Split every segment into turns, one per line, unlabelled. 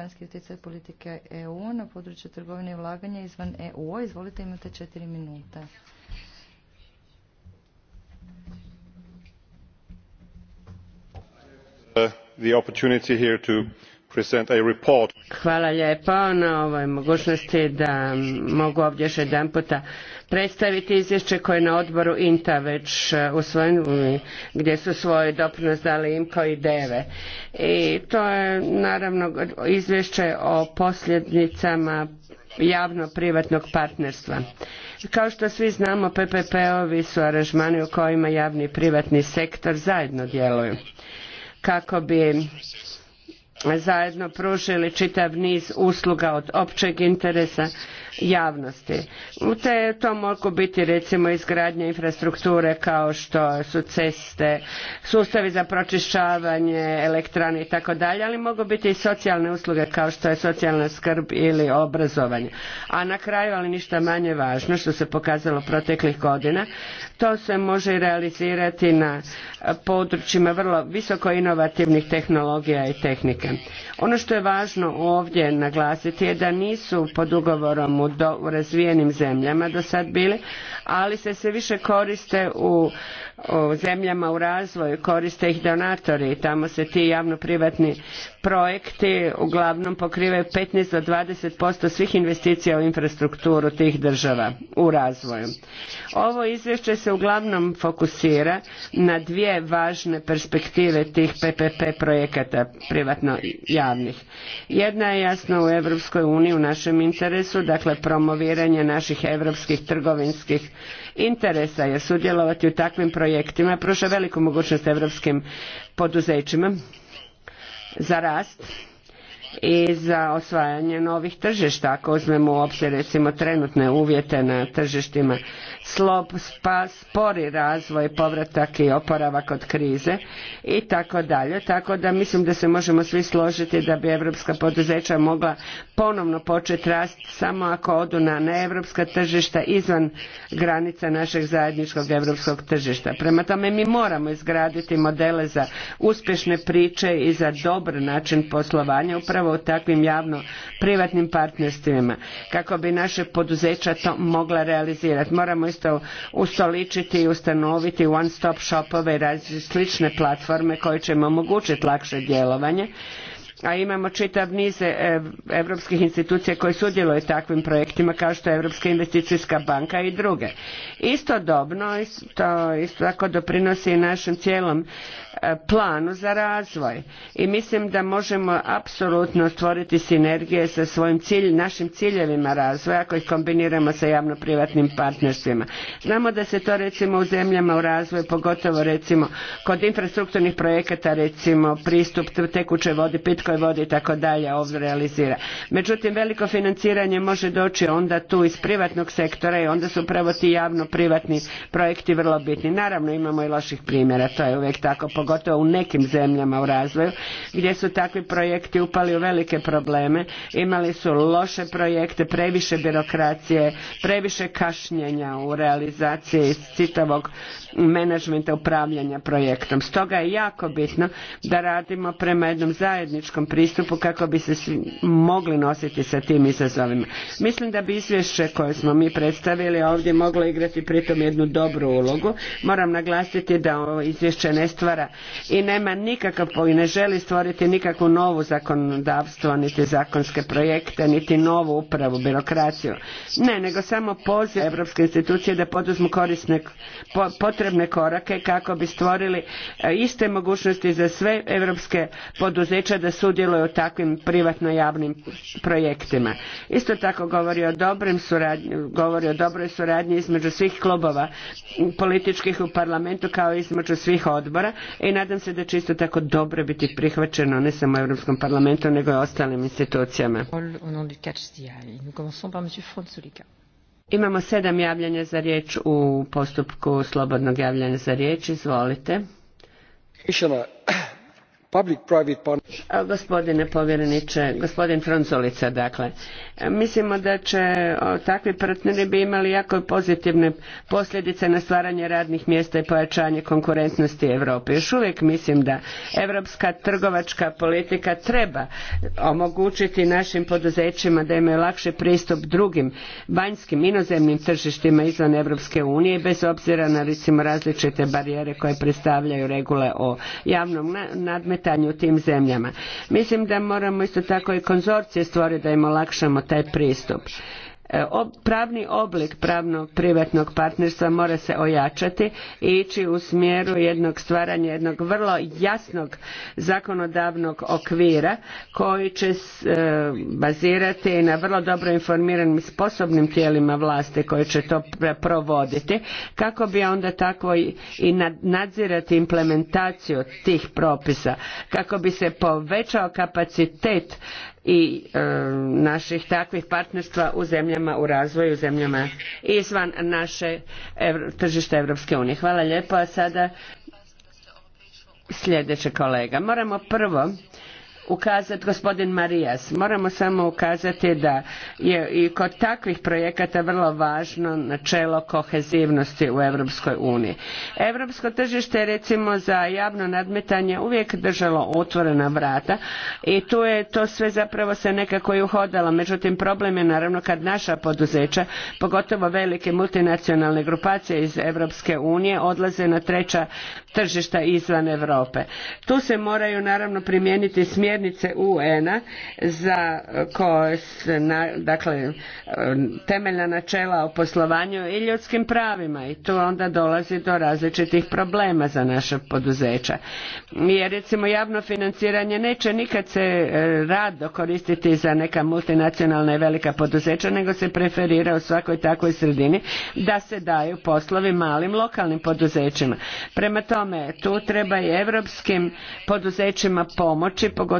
vanjski utjecaj politike EU na području trgovine i ulaganja izvan EU. Izvolite, imate četiri
minute. Uh, the opportunity here to
Hvala lijepo na ovoj mogućnosti da mogu ovdje još jedanputa predstaviti izvješće koje je na odboru INTA već uh, usvojeni, gdje su svoj doprinos dali IMCO i DEVE. I to je naravno izvješće o posljednicama javno-privatnog partnerstva. Kao što svi znamo, PPP-ovi su aranžmani u kojima javni i privatni sektor zajedno djeluju kako bi zajedno pružili čitav niz usluga od općeg interesa javnosti. Te, to mogu biti recimo izgradnja infrastrukture kao što su ceste, sustavi za pročišćavanje, elektrane i tako dalje, ali mogu biti i socijalne usluge kao što je socijalna skrb ili obrazovanje. A na kraju, ali ništa manje važno što se pokazalo proteklih godina, to se može realizirati na područjima vrlo visoko inovativnih tehnologija i tehnike. Ono što je važno ovdje naglasiti je da nisu pod ugovorom u u razvijenim zemljama do sad bili, ali se sve više koriste u, zemljama u razvoju, koriste ih donatori i tamo se ti javno-privatni projekti uglavnom pokrivaju 15 do 20% svih investicija u infrastrukturu tih država u razvoju. Ovo izvješće se uglavnom fokusira na dvije važne perspektive tih PPP projekata privatno javnih. Jedna je jasno u Europskoj uniji u našem interesu, dakle Dakle, promoviranje naših europskih trgovinskih interesa jer sudjelovati u takvim projektima pruža veliku mogućnost europskim poduzećima za rast i za osvajanje novih tržišta ako uzmemo u obzir recimo trenutne uvjete na tržištima slob, spa, spori razvoj povratak i oporavak od krize i tako dalje tako da mislim da se možemo svi složiti da bi europska poduzeća mogla ponovno početi rast samo ako odu na neevropska tržišta izvan granica našeg zajedničkog europskog tržišta prema tome mi moramo izgraditi modele za uspješne priče i za dobar način poslovanja upravo takvim javno privatnim partnerstvima kako bi naše poduzeća to mogla realizirati. Moramo isto ustoličiti i ustanoviti one stop shopove i slične platforme koje će im omogućiti lakše djelovanje a imamo čitav niz europskih institucija koje sudjeluju takvim projektima kao što je Europska investicijska banka i druge. Istodobno to isto tako doprinosi i našem cijelom e, planu za razvoj i mislim da možemo apsolutno stvoriti sinergije sa svojim cilj, našim ciljevima razvoja ako ih kombiniramo sa javno-privatnim partnerstvima. Znamo da se to recimo u zemljama u razvoju, pogotovo recimo kod infrastrukturnih projekata recimo pristup tekuće vodi, pitko vodi i tako dalje ovdje realizira. Međutim, veliko financiranje može doći onda tu iz privatnog sektora i onda su upravo ti javno-privatni projekti vrlo bitni. Naravno, imamo i loših primjera, to je uvijek tako, pogotovo u nekim zemljama u razvoju, gdje su takvi projekti upali u velike probleme, imali su loše projekte, previše birokracije, previše kašnjenja u realizaciji citavog menadžmenta upravljanja projektom. Stoga je jako bitno da radimo prema jednom zajedničkom pristupu kako bi se svi mogli nositi sa tim izazovima. Mislim da bi izvješće koje smo mi predstavili ovdje moglo igrati pritom jednu dobru ulogu. Moram naglasiti da ovo izvješće ne stvara i nema nikakav i ne želi stvoriti nikakvu novu zakonodavstvo, niti zakonske projekte, niti novu upravu, birokraciju. Ne, nego samo poziv europske institucije da poduzmu korisne, potrebne korake kako bi stvorili e, iste mogućnosti za sve europske poduzeća da su sudjeluje u takvim privatno-javnim projektima. Isto tako govori o, dobrim suradnji, govori o dobroj suradnji između svih klubova političkih u parlamentu kao i između svih odbora i nadam se da će isto tako dobro biti prihvaćeno ne samo u Europskom parlamentu nego i ostalim institucijama. Imamo sedam javljanja za riječ u postupku slobodnog javljanja za riječ. Izvolite. Gospodine povjereniče, gospodin Franzolica dakle, e, mislimo da će takvi partneri bi imali jako pozitivne posljedice na stvaranje radnih mjesta i pojačanje konkurentnosti Europe. Još uvijek mislim da europska trgovačka politika treba omogućiti našim poduzećima da imaju lakši pristup drugim vanjskim inozemnim tržištima izvan Europske unije bez obzira na recimo različite barijere koje predstavljaju regule o javnom nadmetanju kretanju u tim zemljama. Mislim da moramo isto tako i konzorcije stvoriti da im olakšamo taj pristup. E, pravni oblik pravnog privatnog partnerstva mora se ojačati i ići u smjeru jednog stvaranja jednog vrlo jasnog zakonodavnog okvira koji će e, bazirati na vrlo dobro informiranim i sposobnim tijelima vlasti koje će to provoditi kako bi onda tako i nadzirati implementaciju tih propisa kako bi se povećao kapacitet i e, naših takvih partnerstva u zemljama u razvoju, u zemljama izvan naše tržište Europske unije. Hvala lijepo, a sada sljedeće kolega. Moramo prvo ukazati gospodin Marijas. Moramo samo ukazati da je i kod takvih projekata vrlo važno načelo kohezivnosti u Europskoj uniji. Europsko tržište je recimo za javno nadmetanje uvijek držalo otvorena vrata i tu je to sve zapravo se nekako i uhodalo. Međutim, problem je naravno kad naša poduzeća, pogotovo velike multinacionalne grupacije iz Europske unije odlaze na treća tržišta izvan Europe. Tu se moraju naravno primijeniti smjer smjernice UN-a za eh, koje se dakle eh, temeljna načela o poslovanju i ljudskim pravima i tu onda dolazi do različitih problema za naša poduzeća. Jer recimo javno financiranje neće nikad se eh, rado koristiti za neka multinacionalna i velika poduzeća nego se preferira u svakoj takvoj sredini da se daju poslovi malim lokalnim poduzećima. Prema tome tu treba i europskim poduzećima pomoći pogotovo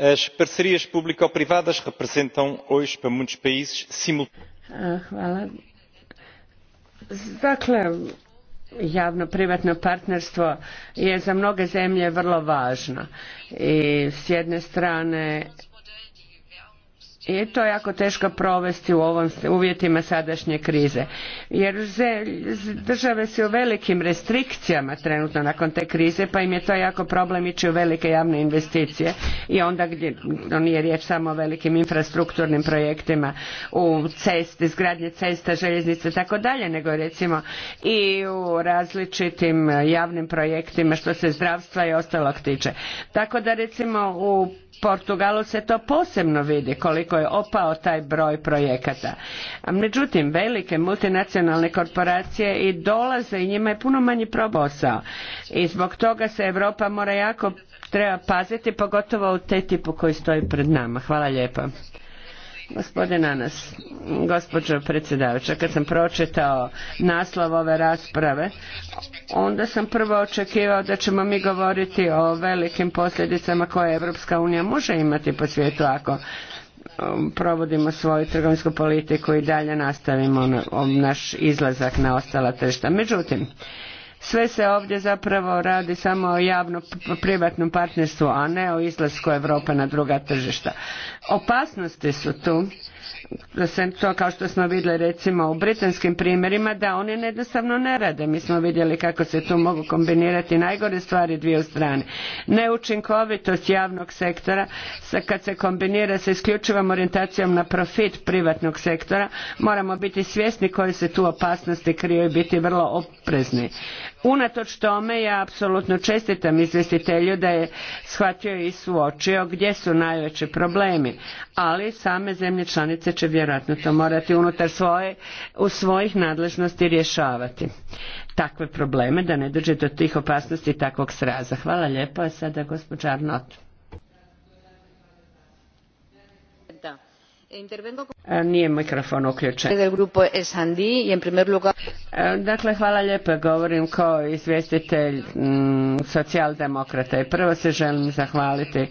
as parcerias público privadas representam hoje para muitos países
ah, dakle, javno-privatno partnerstvo je za mnoge zemlje vrlo važno i s jedne strane i to jako teško provesti u ovom uvjetima sadašnje krize. Jer države su u velikim restrikcijama trenutno nakon te krize pa im je to jako problem ići u velike javne investicije i onda gdje no nije riječ samo o velikim infrastrukturnim projektima u cesti, izgradnje cesta, željeznice i tako dalje nego recimo i u različitim javnim projektima što se zdravstva i ostalog tiče. Tako da recimo u Portugalu se to posebno vidi koliko je opao taj broj projekata. međutim, velike multinacionalne korporacije i dolaze i njima je puno manji probosao. I zbog toga se Europa mora jako treba paziti, pogotovo u te tipu koji stoji pred nama. Hvala lijepa. Gospodin Anas, gospođo predsjedavajuća, kad sam pročitao naslov ove rasprave, onda sam prvo očekivao da ćemo mi govoriti o velikim posljedicama koje Evropska unija može imati po svijetu ako um, provodimo svoju trgovinsku politiku i dalje nastavimo ono, um, naš izlazak na ostala tržišta. Međutim, sve se ovdje zapravo radi samo o javno-privatnom partnerstvu, a ne o izlasku Europe na druga tržišta. Opasnosti su tu to kao što smo vidjeli recimo u britanskim primjerima da oni jednostavno ne rade. Mi smo vidjeli kako se tu mogu kombinirati najgore stvari dvije strane. Neučinkovitost javnog sektora kad se kombinira sa isključivom orijentacijom na profit privatnog sektora moramo biti svjesni koje se tu opasnosti kriju i biti vrlo oprezni. Unatoč tome ja apsolutno čestitam izvjestitelju da je shvatio i suočio gdje su najveći problemi, ali same zemlje članice zajednice će vjerojatno to morati unutar svoje, u svojih nadležnosti rješavati takve probleme da ne dođe do tih opasnosti takvog sraza. Hvala lijepo, a sada gospođa Arnot. E, nije mikrofon uključen. E, dakle, hvala lijepo. Govorim kao izvjestitelj mm, socijaldemokrata i prvo se želim zahvaliti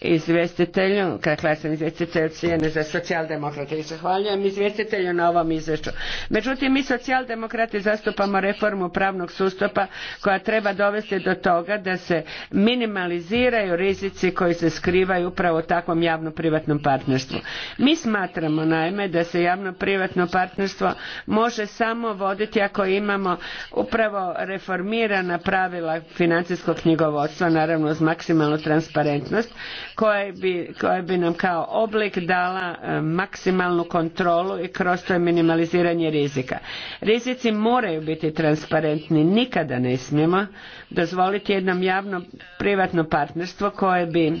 izvjestitelju, kakva sam izvjestitelj cijene za socijaldemokrate i zahvaljujem izvjestitelju na ovom izvješću. Međutim, mi socijaldemokrati zastupamo reformu pravnog sustava koja treba dovesti do toga da se minimaliziraju rizici koji se skrivaju upravo u takvom javno-privatnom partnerstvu. Mi smatramo naime da se javno-privatno partnerstvo može samo voditi ako imamo upravo reformirana pravila financijskog knjigovodstva, naravno uz maksimalnu transparentnost, koja bi, bi nam kao oblik dala e, maksimalnu kontrolu i kroz to je minimaliziranje rizika. Rizici moraju biti transparentni, nikada ne smijemo dozvoliti jednom javno privatno partnerstvo koje bi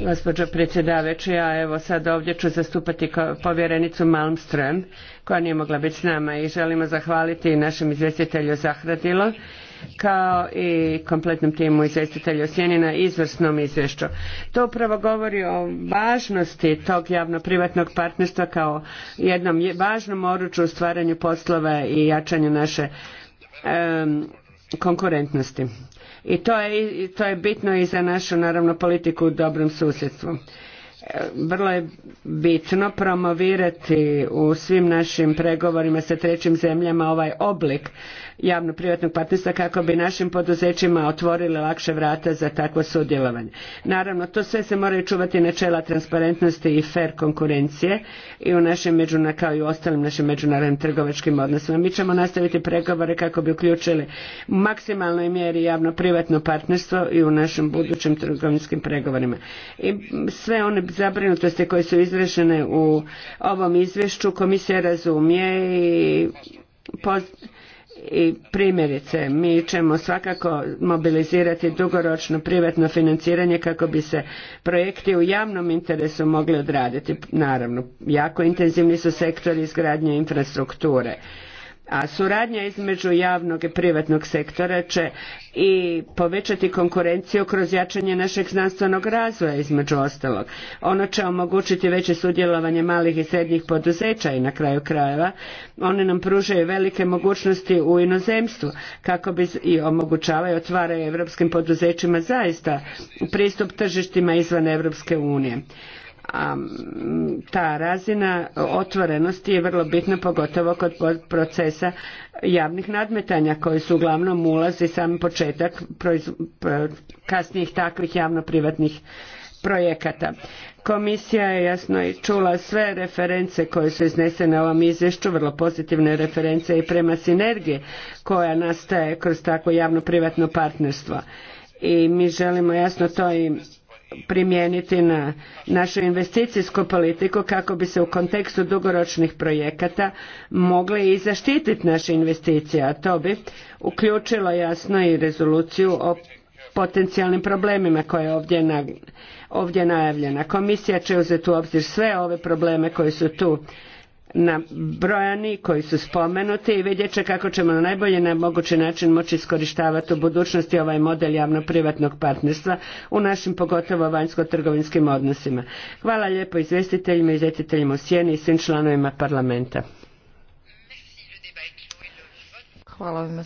gospođo predsjedavajući. Ja evo sad ovdje ću zastupati povjerenicu Malmström koja nije mogla biti s nama i želimo zahvaliti našem izvjestitelju Zahradilo kao i kompletnom timu izvjestitelja Sjeni na izvrsnom izvješću. To upravo govori o važnosti tog javno-privatnog partnerstva kao jednom važnom oručju u stvaranju poslova i jačanju naše konkurentnosti. I to je, to je bitno i za našu naravno politiku u dobrom susjedstvu vrlo je bitno promovirati u svim našim pregovorima sa trećim zemljama ovaj oblik javno-privatnog partnerstva kako bi našim poduzećima otvorili lakše vrata za takvo sudjelovanje. Naravno, to sve se moraju čuvati načela transparentnosti i fer konkurencije i u našem međuna, kao i u ostalim našim međunarodnim trgovačkim odnosima. Mi ćemo nastaviti pregovore kako bi uključili u maksimalnoj mjeri javno-privatno partnerstvo i u našim budućim trgovinskim pregovorima. I sve one zabrinutosti koje su izražene u ovom izvješću komisija razumije i, i primjerice mi ćemo svakako mobilizirati dugoročno privatno financiranje kako bi se projekti u javnom interesu mogli odraditi. Naravno, jako intenzivni su sektori izgradnje infrastrukture a suradnja između javnog i privatnog sektora će i povećati konkurenciju kroz jačanje našeg znanstvenog razvoja između ostalog. Ono će omogućiti veće sudjelovanje malih i srednjih poduzeća i na kraju krajeva one nam pružaju velike mogućnosti u inozemstvu kako bi i omogućavaju otvaraju europskim poduzećima zaista pristup tržištima izvan Europske unije a ta razina otvorenosti je vrlo bitna pogotovo kod procesa javnih nadmetanja koji su uglavnom ulaze i sam početak kasnijih takvih javno-privatnih projekata. Komisija je jasno i čula sve reference koje su iznesene u ovom izvješću, vrlo pozitivne reference i prema sinergiji koja nastaje kroz takvo javno-privatno partnerstvo. I mi želimo jasno to i primijeniti na našu investicijsku politiku kako bi se u kontekstu dugoročnih projekata mogle i zaštititi naše investicije, a to bi uključilo jasno i rezoluciju o potencijalnim problemima koje je ovdje, ovdje najavljena. Komisija će uzeti u obzir sve ove probleme koji su tu nabrojani koji su spomenuti i vidjet će kako ćemo na najbolji na mogući način moći iskorištavati u budućnosti ovaj model javno privatnog partnerstva u našim pogotovo vanjsko trgovinskim odnosima. Hvala lijepo izvjestiteljima, izvjestiteljima u sjeni i svim članovima parlamenta.
Hvala,